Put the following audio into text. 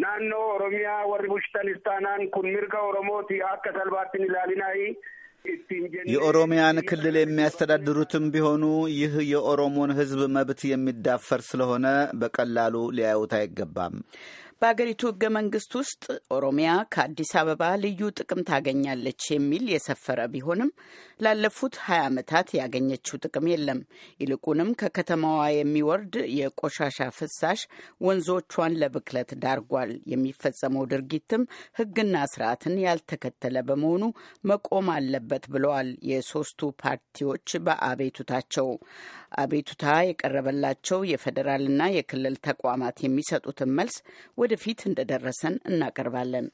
naannoo Oromiyaa warri bulchitanis taanaan kun mirga Oromooti akka salbaatti hin የኦሮሚያን ክልል የሚያስተዳድሩትም ቢሆኑ ይህ የኦሮሞን ሕዝብ መብት የሚዳፈር ስለሆነ በቀላሉ ሊያዩት አይገባም። በአገሪቱ ህገ መንግስት ውስጥ ኦሮሚያ ከአዲስ አበባ ልዩ ጥቅም ታገኛለች የሚል የሰፈረ ቢሆንም ላለፉት ሀያ ዓመታት ያገኘችው ጥቅም የለም። ይልቁንም ከከተማዋ የሚወርድ የቆሻሻ ፍሳሽ ወንዞቿን ለብክለት ዳርጓል። የሚፈጸመው ድርጊትም ህግና ስርዓትን ያልተከተለ በመሆኑ መቆም አለበት አለበት ብለዋል የሶስቱ ፓርቲዎች በአቤቱታቸው። አቤቱታ የቀረበላቸው የፌዴራልና የክልል ተቋማት የሚሰጡትን መልስ ወደፊት እንደደረሰን እናቀርባለን።